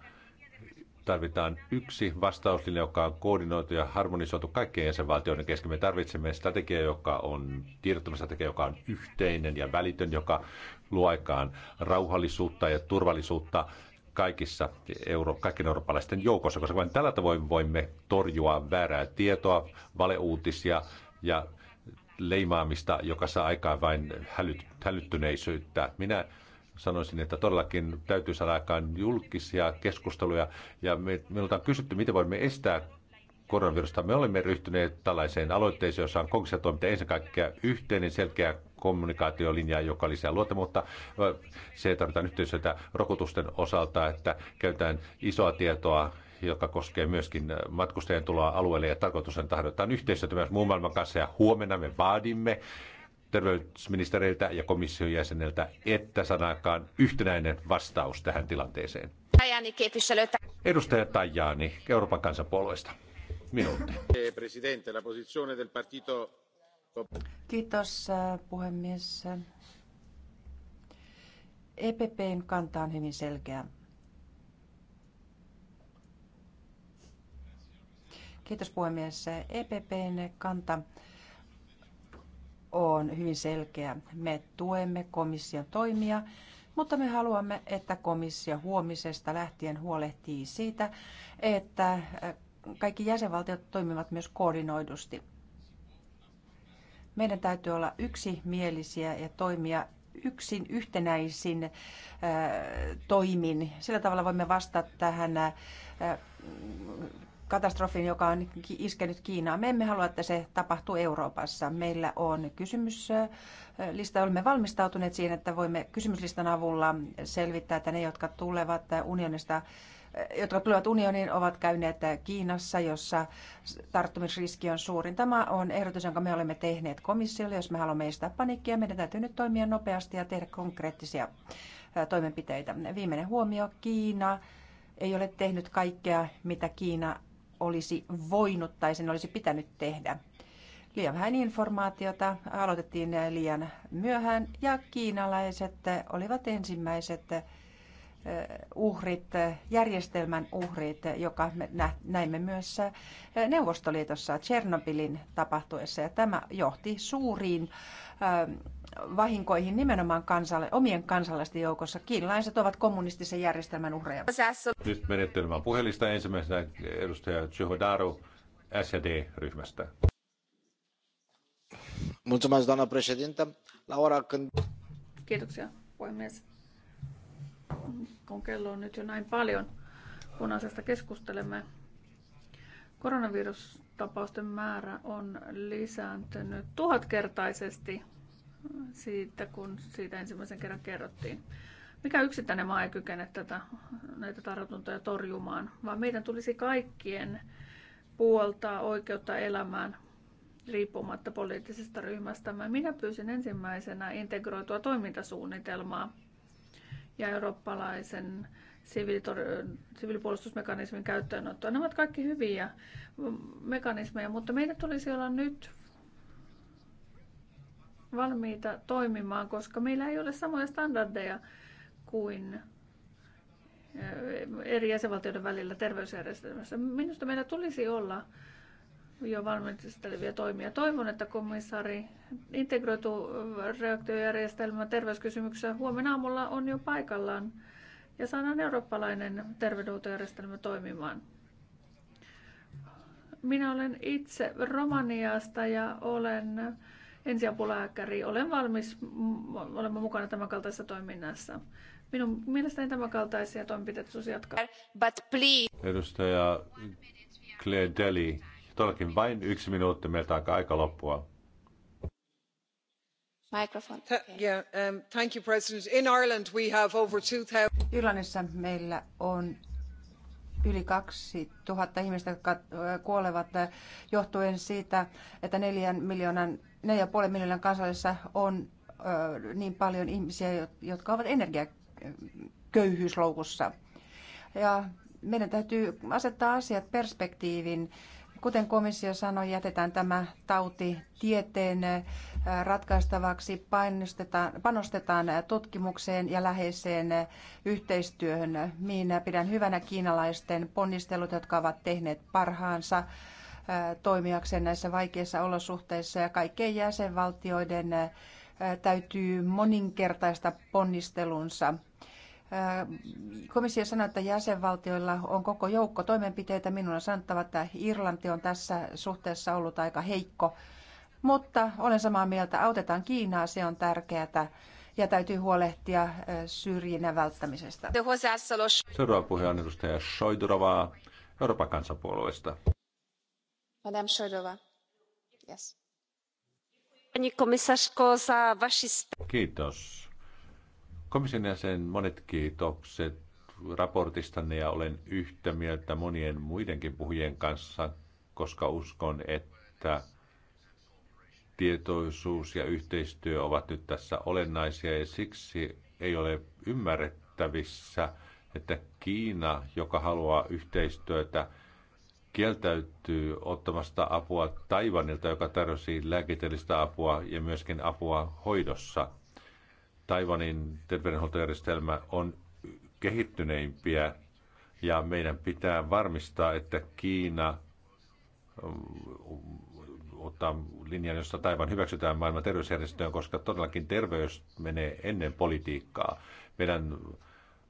tarvitaan yksi vastauslinja, joka on koordinoitu ja harmonisoitu kaikkien jäsenvaltioiden kesken. Me tarvitsemme strategia, joka on tiedottamistrategia, joka on yhteinen ja välitön, joka luo aikaan rauhallisuutta ja turvallisuutta kaikissa euro, kaikkien eurooppalaisten joukossa, koska vain tällä tavoin voimme torjua väärää tietoa, valeuutisia ja leimaamista, joka saa aikaan vain hälyt, hälyttyneisyyttä. Minä sanoisin, että todellakin täytyy saada aikaan julkisia keskusteluja. Ja me, meiltä on kysytty, miten voimme estää koronavirusta. Me olemme ryhtyneet tällaiseen aloitteeseen, jossa on konkreettisia toiminta ensin kaikkea yhteinen selkeä kommunikaatiolinja, joka lisää luottamusta. Se tarvitaan yhteistyötä rokotusten osalta, että käytetään isoa tietoa joka koskee myöskin matkustajien tuloa alueelle ja tarkoitus on tarjotaan yhteistyötä myös muun maailman kanssa ja huomenna me vaadimme terveysministereiltä ja komission jäseneltä, että sanakaan yhtenäinen vastaus tähän tilanteeseen. Edustaja Tajani Euroopan kansanpuolueesta. Minuutti. Kiitos äh, puhemies. EPPn kanta on hyvin selkeä. Kiitos puhemies. EPPn kanta on hyvin selkeä. Me tuemme komission toimia, mutta me haluamme, että komissio huomisesta lähtien huolehtii siitä, että äh, kaikki jäsenvaltiot toimivat myös koordinoidusti. Meidän täytyy olla yksimielisiä ja toimia yksin yhtenäisin äh, toimin. Sillä tavalla voimme vastata tähän äh, katastrofin, joka on iskenyt Kiinaan. Me emme halua, että se tapahtuu Euroopassa. Meillä on kysymyslista, olemme valmistautuneet siihen, että voimme kysymyslistan avulla selvittää, että ne, jotka tulevat unionista jotka tulevat unioniin, ovat käyneet Kiinassa, jossa tarttumisriski on suurin. Tämä on ehdotus, jonka me olemme tehneet komissiolle. Jos me haluamme estää paniikkia, meidän täytyy nyt toimia nopeasti ja tehdä konkreettisia toimenpiteitä. Viimeinen huomio, Kiina ei ole tehnyt kaikkea, mitä Kiina olisi voinut tai sen olisi pitänyt tehdä. Liian vähän informaatiota, aloitettiin liian myöhään ja kiinalaiset olivat ensimmäiset uhrit, järjestelmän uhrit, joka me näimme myös Neuvostoliitossa Tchernobylin tapahtuessa. Ja tämä johti suuriin vahinkoihin nimenomaan kansalle, omien kansalaisten joukossa. Kiinalaiset ovat kommunistisen järjestelmän uhreja. Nyt menettelemään puhelista ensimmäisenä edustaja Chihodaru SD-ryhmästä. Mulțumesc, doamna președintă. La ora când... Kiitoksia, puhemies. Kun kello on nyt jo näin paljon, kun asiasta keskustelemme, koronavirus tapausten määrä on lisääntynyt tuhatkertaisesti siitä, kun siitä ensimmäisen kerran kerrottiin. Mikä yksittäinen maa ei kykene tätä, näitä tartuntoja torjumaan, vaan meidän tulisi kaikkien puoltaa oikeutta elämään riippumatta poliittisesta ryhmästä? Minä pyysin ensimmäisenä integroitua toimintasuunnitelmaa ja eurooppalaisen siviilipuolustusmekanismin käyttöönottoa. Nämä ovat kaikki hyviä mekanismeja, mutta meidän tulisi olla nyt valmiita toimimaan, koska meillä ei ole samoja standardeja kuin eh, eri jäsenvaltioiden välillä terveysjärjestelmässä. Minusta meillä tulisi olla jo valmistelevia toimia. Toivon, että komissaari integroitu reaktiojärjestelmä terveyskysymyksessä huomenna aamulla on jo paikallaan ja saadaan eurooppalainen terveydenhuoltojärjestelmä toimimaan. Minä olen itse Romaniasta ja olen ensiapulääkäri. Olen valmis olemaan mukana tämän kaltaisessa toiminnassa. Minun mielestäni tämän kaltaisia toimenpiteitä tulisi jatkaa. But please. Edustaja Claire Deli, todellakin vain yksi minuutti meiltä aika, aika loppua arvoisa um, puhemies irlannissa meillä on yli kaksi nolla ihmistä jotka kuolevat johtuen siitä että neljän miljoonan neljä viisi miljoonan kansalaisessa on niin paljon ihmisiä jotka ovat energiaköyhyysloukussa ja meidän täytyy asettaa asiat perspektiivin Kuten komissio sanoi, jätetään tämä tauti tieteen äh, ratkaistavaksi, panostetaan äh, tutkimukseen ja läheiseen äh, yhteistyöhön. Minä pidän hyvänä kiinalaisten ponnistelut, jotka ovat tehneet parhaansa toimijakseen näissä vaikeissa olosuhteissa ja kaikkien jäsenvaltioiden täytyy moninkertaista ponnistelunsa Komissio sanoi, että jäsenvaltioilla on koko joukko toimenpiteitä. Minun on sanottava, että Irlanti on tässä suhteessa ollut aika heikko. Mutta olen samaa mieltä, autetaan Kiinaa, se on tärkeää ja täytyy huolehtia syrjinnän välttämisestä. Seuraava puhe on edustaja Soidurova Euroopan kansapuolueesta. Madame Soidurova. Yes. Kiitos Komission jäsen, monet kiitokset raportistanne ja olen yhtä mieltä monien muidenkin puhujien kanssa, koska uskon, että tietoisuus ja yhteistyö ovat nyt tässä olennaisia ja siksi ei ole ymmärrettävissä, että Kiina, joka haluaa yhteistyötä, kieltäytyy ottamasta apua Taivanilta, joka tarjosi lääketieteellistä apua ja myöskin apua hoidossa. Taivanin terveydenhuoltojärjestelmä on kehittyneimpiä ja meidän pitää varmistaa, että Kiina mm, ottaa linjan, jossa Taivan hyväksytään maailman terveysjärjestöön, koska todellakin terveys menee ennen politiikkaa. Meidän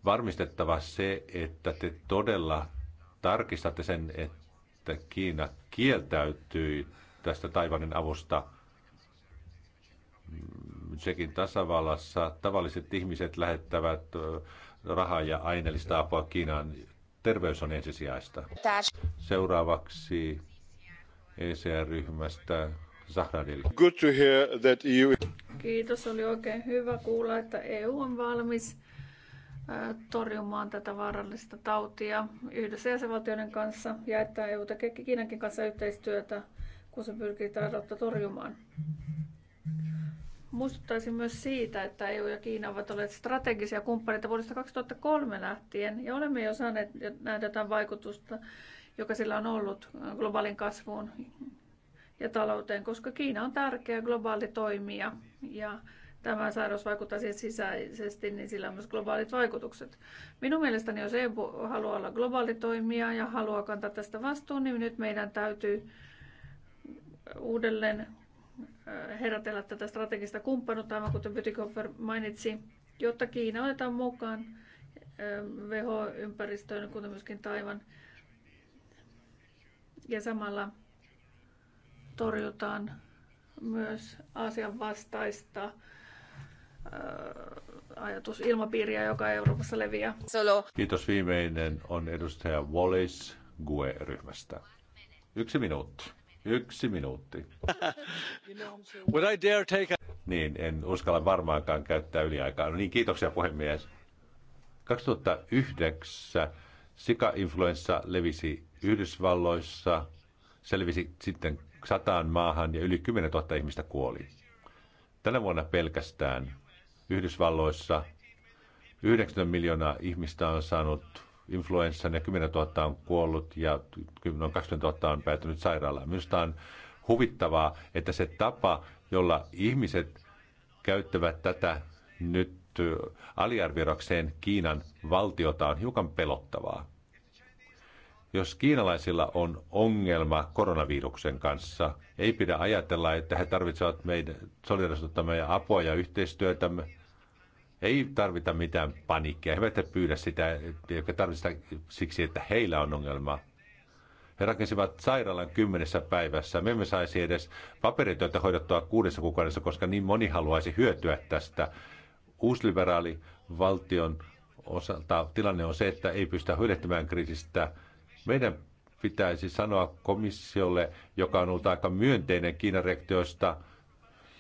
varmistettava se, että te todella tarkistatte sen, että Kiina kieltäytyy tästä Taivanin avusta Tsekin tasavallassa tavalliset ihmiset lähettävät rahaa ja aineellista apua Kiinaan. Terveys on ensisijaista. Seuraavaksi ECR-ryhmästä Zahradil. Good to hear that EU... Kiitos, oli oikein hyvä kuulla, että EU on valmis torjumaan tätä vaarallista tautia yhdessä jäsenvaltioiden kanssa ja että EU tekee Kiinankin kanssa yhteistyötä, kun se pyrkii tarvetta torjumaan. Muistuttaisin myös siitä, että EU ja Kiina ovat olleet strategisia kumppaneita vuodesta 2003 lähtien ja olemme jo saaneet nähdä jotain vaikutusta, joka sillä on ollut globaalin kasvuun ja talouteen, koska Kiina on tärkeä globaali toimija ja tämä sairaus vaikuttaa siihen sisäisesti, niin sillä on myös globaalit vaikutukset. Minun mielestäni, jos EU haluaa olla globaali toimija ja haluaa kantaa tästä vastuun, niin nyt meidän täytyy uudelleen Äh, herätellä tätä strategista kumppanuutta, aivan kuten Bytikofer mainitsi, jotta Kiina otetaan mukaan WHO-ympäristöön, äh, kuten myöskin Taivan. Ja samalla torjutaan myös Aasian vastaista äh, ajatusilmapiiriä, joka Euroopassa leviää. Solo. Kiitos. Viimeinen on edustaja Wallis GUE-ryhmästä. Yksi minuutti. Yksi minuutti. Would I dare take a... Niin, en uskalla varmaankaan käyttää yliaikaa. No niin, kiitoksia puhemies. 2009 sika-influenssa levisi Yhdysvalloissa, selvisi sitten sataan maahan ja yli 10 000 ihmistä kuoli. Tänä vuonna pelkästään Yhdysvalloissa 90 miljoonaa ihmistä on saanut influenssan ja 10 000 on kuollut ja noin 20 000 on päätynyt sairaalaan. Minusta on huvittavaa, että se tapa, jolla ihmiset käyttävät tätä nyt aliarvioidakseen Kiinan valtiota, on hiukan pelottavaa. Jos kiinalaisilla on ongelma koronaviruksen kanssa, ei pidä ajatella, että he tarvitsevat meidän solidarisuuttamme ja apua ja yhteistyötämme ei tarvita mitään paniikkia, he eivät pyydä sitä, eivätkä tarvitse sitä siksi, että heillä on ongelma. He rakensivat sairaalan kymmenessä päivässä. Me emme saisi edes paperityötä hoidettua kuudessa kuukaudessa, koska niin moni haluaisi hyötyä tästä. Uusliberaali valtion osalta tilanne on se, että ei pystytä hyödyntämään kriisistä. Meidän pitäisi sanoa komissiolle, joka on ollut aika myönteinen Kiinan reaktioista –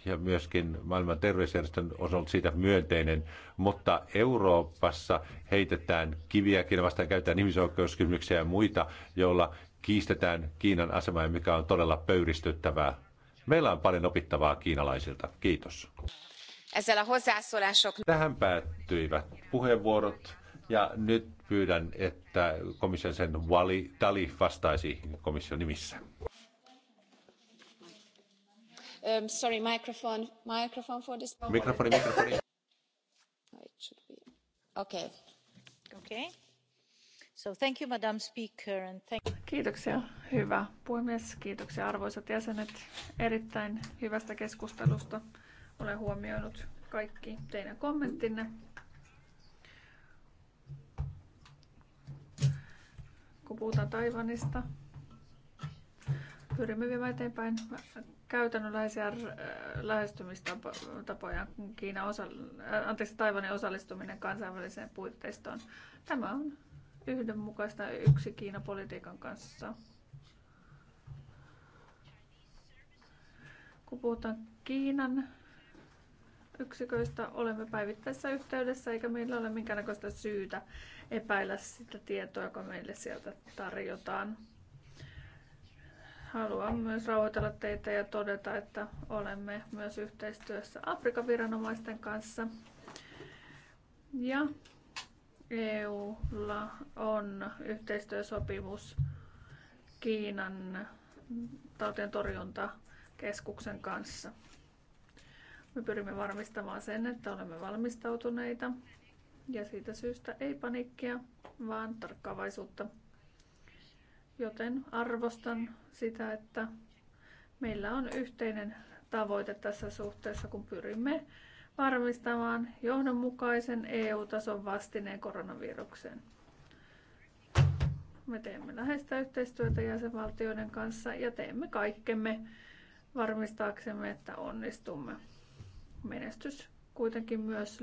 ja myöskin maailman terveysjärjestön on ollut siitä myönteinen, mutta Euroopassa heitetään kiviä Kiinan vastaan, käytetään ihmisoikeuskysymyksiä ja muita, joilla kiistetään Kiinan asemaa, mikä on todella pöyristyttävää. Meillä on paljon opittavaa kiinalaisilta. Kiitos. Tähän päättyivät puheenvuorot ja nyt pyydän, että komission sen Vali Tali vastaisi komission nimissä. Um, sorry, microphone, microphone for this. Oh, okay. Okay. So thank you, Madam Speaker, and thank Kiitoksia, hyvä puhemies. Kiitoksia arvoisat jäsenet erittäin hyvästä keskustelusta. Olen huomioinut kaikki teidän kommenttinne. Kun puhutaan Taivanista, pyrimme viemään eteenpäin käytännönläheisiä äh, lähestymistapoja Kiina osa, äh, anteeksi, Taivanin osallistuminen kansainväliseen puitteistoon. Tämä on yhdenmukaista yksi Kiina-politiikan kanssa. Kun puhutaan Kiinan yksiköistä, olemme päivittäisessä yhteydessä eikä meillä ole minkäännäköistä syytä epäillä sitä tietoa, joka meille sieltä tarjotaan. Haluan myös rauhoitella teitä ja todeta, että olemme myös yhteistyössä Afrikan viranomaisten kanssa. Ja EUlla on yhteistyösopimus Kiinan tautien torjuntakeskuksen kanssa. Me pyrimme varmistamaan sen, että olemme valmistautuneita ja siitä syystä ei panikkia, vaan tarkkaavaisuutta joten arvostan sitä, että meillä on yhteinen tavoite tässä suhteessa, kun pyrimme varmistamaan johdonmukaisen EU-tason vastineen koronavirukseen. Me teemme läheistä yhteistyötä jäsenvaltioiden kanssa ja teemme kaikkemme varmistaaksemme, että onnistumme. Menestys kuitenkin myös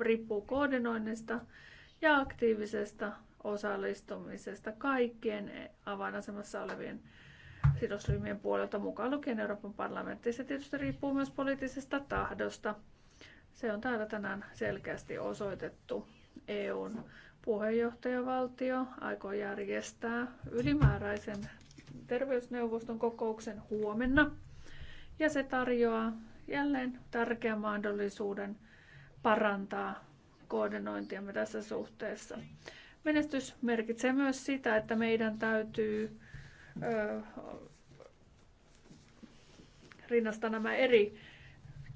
riippuu koordinoinnista ja aktiivisesta osallistumisesta kaikkien avainasemassa olevien sidosryhmien puolelta, mukaan lukien Euroopan parlamentti. Se tietysti riippuu myös poliittisesta tahdosta. Se on täällä tänään selkeästi osoitettu. EUn puheenjohtajavaltio aikoo järjestää ylimääräisen terveysneuvoston kokouksen huomenna. Ja se tarjoaa jälleen tärkeän mahdollisuuden parantaa koordinointiamme tässä suhteessa. Menestys merkitsee myös sitä, että meidän täytyy ö, rinnastaa nämä eri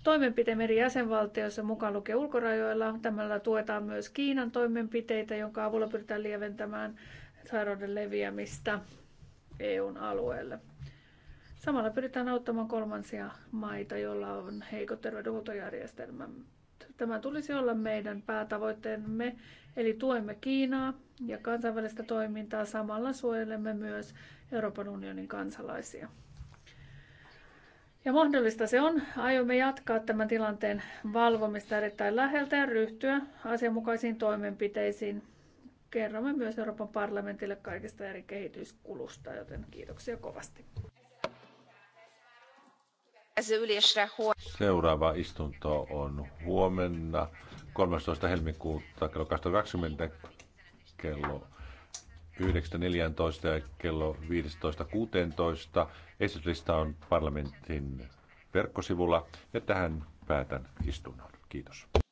toimenpiteet eri jäsenvaltioissa mukaan lukien ulkorajoilla. Tämällä tuetaan myös Kiinan toimenpiteitä, jonka avulla pyritään lieventämään sairauden leviämistä EUn alueelle. Samalla pyritään auttamaan kolmansia maita, joilla on heikot terveydenhuoltojärjestelmämme. Tämä tulisi olla meidän päätavoitteemme, eli tuemme Kiinaa ja kansainvälistä toimintaa, samalla suojelemme myös Euroopan unionin kansalaisia. Ja mahdollista se on. Aiomme jatkaa tämän tilanteen valvomista erittäin läheltä ja ryhtyä asianmukaisiin toimenpiteisiin. Kerromme myös Euroopan parlamentille kaikista eri kehityskulusta, joten kiitoksia kovasti. Seuraava istunto on huomenna 13. helmikuuta kello 20.20 kello 9.14 ja kello 15.16. Esityslista on parlamentin verkkosivulla ja tähän päätän istunnon. Kiitos.